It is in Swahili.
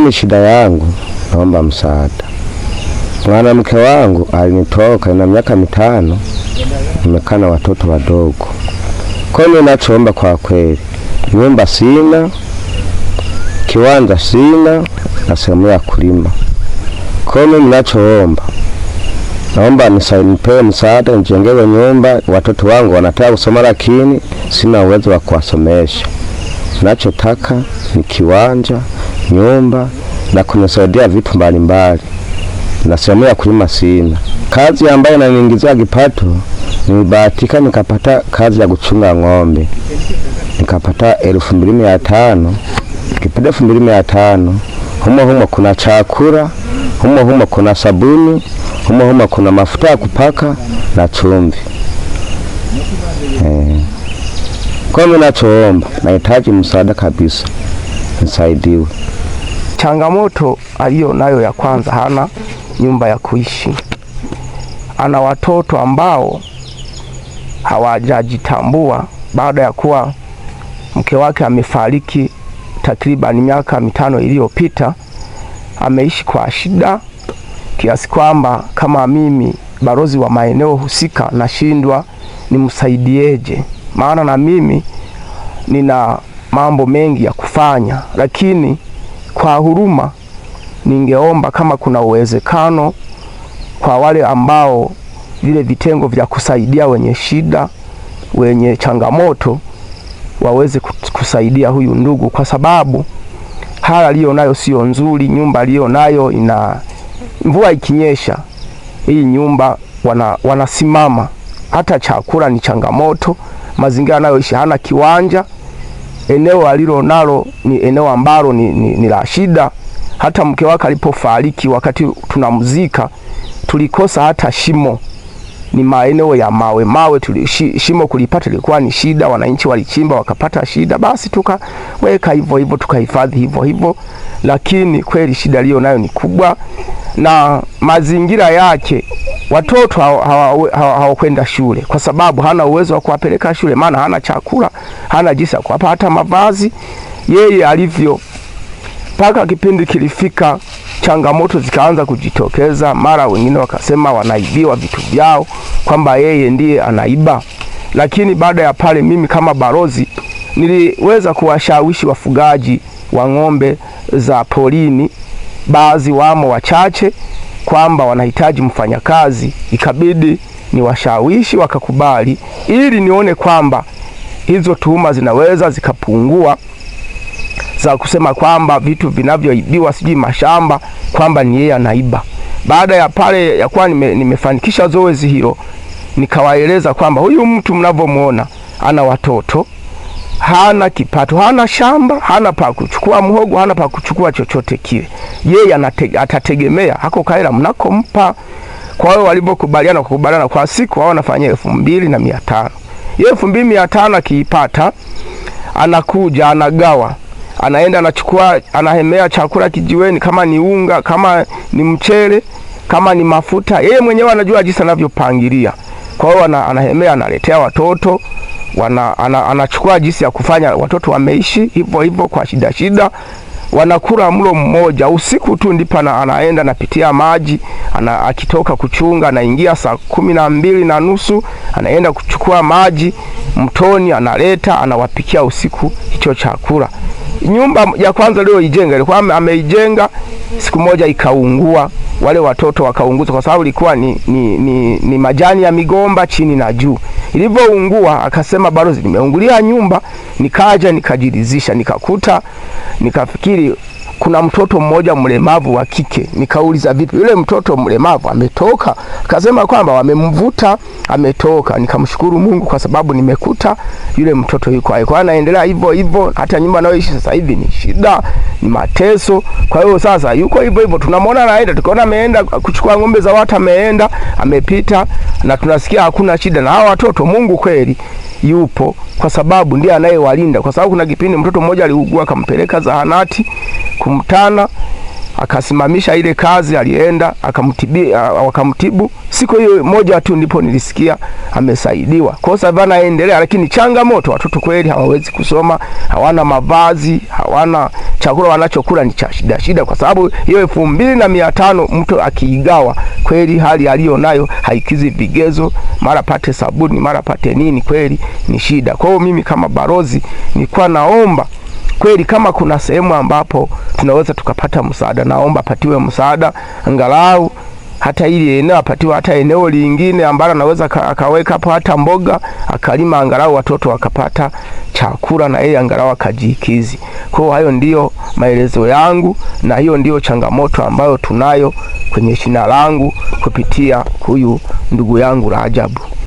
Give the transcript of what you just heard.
Mimi shida yangu naomba msaada. Mwanamke wangu alinitoka na miaka mitano, nimekana watoto wadogo. Kwa hiyo ninachoomba kwa kweli, nyumba sina, kiwanja sina na sehemu ya kulima. Kwa hiyo ninachoomba naomba nipewe msaada, nijengewe nyumba. Watoto wangu wanataka kusoma, lakini sina uwezo wa kuwasomesha. Ninachotaka ni kiwanja nyumba na kunisaidia vitu mbalimbali. na Nasomea kulima sina kazi ambayo inaniingizia kipato. Nilibahatika nikapata kazi ya kuchunga ng'ombe, nikapata elfu mbili mia tano kipata elfu mbili mia tano humo humo kuna chakula, humo humo kuna sabuni, humo humo kuna mafuta ya kupaka na chumvi eh. Kwa mimi nachoomba, nahitaji msaada kabisa msaidiwe. Changamoto aliyo nayo ya kwanza, hana nyumba ya kuishi, ana watoto ambao hawajajitambua baada ya kuwa mke wake amefariki takriban miaka mitano iliyopita. Ameishi kwa shida kiasi kwamba kama mimi balozi wa maeneo husika nashindwa nimsaidieje, maana na mimi nina mambo mengi ya kufanya, lakini kwa huruma ningeomba kama kuna uwezekano kwa wale ambao vile vitengo vya kusaidia wenye shida, wenye changamoto waweze kusaidia huyu ndugu, kwa sababu hali aliyo nayo sio nzuri. Nyumba aliyo nayo ina mvua ikinyesha, hii nyumba wana, wanasimama. Hata chakula ni changamoto, mazingira anayoishi hana kiwanja eneo alilo nalo ni eneo ambalo ni, ni, ni la shida. Hata mke wake alipofariki, wakati tunamzika tulikosa hata shimo ni maeneo ya mawe mawe, shimo kulipata ilikuwa ni shida, wananchi walichimba wakapata shida, basi tukaweka hivyo hivyo, tukahifadhi hivyo hivyo, lakini kweli shida liyo nayo ni kubwa, na mazingira yake watoto hawakwenda shule kwa sababu hana uwezo wa kuwapeleka shule, maana hana chakula, hana jinsi ya kuwapa hata mavazi, yeye alivyo mpaka kipindi kilifika changamoto zikaanza kujitokeza, mara wengine wakasema wanaibiwa vitu vyao, kwamba yeye ndiye anaiba. Lakini baada ya pale, mimi kama barozi niliweza kuwashawishi wafugaji wa ng'ombe za polini baadhi wamo wachache, kwamba wanahitaji mfanyakazi. Ikabidi niwashawishi wakakubali, ili nione kwamba hizo tuhuma zinaweza zikapungua za kusema kwamba vitu vinavyoibiwa sijui mashamba kwamba ni yeye anaiba. Baada ya pale ya kuwa nime, nimefanikisha zoezi hilo, nikawaeleza kwamba huyu mtu mnavyomuona ana watoto, hana kipato, hana shamba, hana pa kuchukua mhogo, hana pa kuchukua chochote kile. Yeye atategemea hako kaela mnakompa. Kwa hiyo walipokubaliana, kukubaliana kwa siku, wao wanafanya elfu mbili na mia tano. elfu mbili mia tano akiipata anakuja anagawa anaenda anachukua, anahemea chakula kijiweni, kama ni unga, kama ni mchele, kama ni mafuta, yeye mwenyewe anajua jinsi anavyopangilia. Kwa hiyo ana, anahemea analetea watoto wana, ana, anachukua jinsi ya kufanya, watoto wameishi hivyo hivyo kwa shida shida wanakula mlo mmoja usiku tu, ndipo anaenda anapitia maji ana, akitoka kuchunga anaingia saa kumi na mbili na nusu anaenda kuchukua maji mtoni, analeta anawapikia usiku hicho chakula. Nyumba ya kwanza leo ijenga ilikuwa ameijenga, siku moja ikaungua, wale watoto wakaunguza, kwa sababu ilikuwa ni, ni, ni, ni majani ya migomba chini na juu. Ilivyoungua akasema balozi, nimeungulia nyumba, nikaja nikajiridhisha, nikakuta, nikafikiri kuna mtoto mmoja mlemavu wa kike. Nikauliza vipi? Yule mtoto mlemavu ametoka? Akasema kwamba wamemvuta ametoka. Nikamshukuru Mungu kwa sababu nimekuta yule mtoto yuko hai, kwa anaendelea hivyo hivyo. Hata nyumba anayoishi sasa hivi ni shida, ni mateso. Kwa hiyo sasa yuko hivyo hivyo, tunamwona anaenda, tukiona ameenda kuchukua ng'ombe za watu, ameenda amepita, na tunasikia hakuna shida na hawa watoto. Mungu kweli yupo kwa sababu ndiye anayewalinda, kwa sababu kuna kipindi mtoto mmoja aliugua akampeleka zahanati kumtana akasimamisha ile kazi, alienda akamtibu, wakamtibu siku hiyo moja tu, ndipo nilisikia amesaidiwa. Kwa sababu anaendelea, lakini changamoto, watoto kweli hawawezi kusoma, hawana mavazi, hawana chakula, wanachokula ni cha shida shida, kwa sababu hiyo elfu mbili na mia tano mtu akiigawa kweli, hali aliyo nayo haikizi vigezo, mara pate sabuni, mara pate nini, kweli ni shida. Kwa hiyo mimi kama barozi nilikuwa naomba kweli, kama kuna sehemu ambapo tunaweza tukapata msaada, naomba apatiwe msaada angalau hata ili eneo apatiwe hata eneo lingine ambalo anaweza akaweka hapo hata mboga akalima, angalau watoto wakapata chakula na yeye angalau akajikizi. Kwa hiyo hayo ndiyo maelezo yangu, na hiyo ndiyo changamoto ambayo tunayo kwenye shina langu kupitia huyu ndugu yangu Rajabu.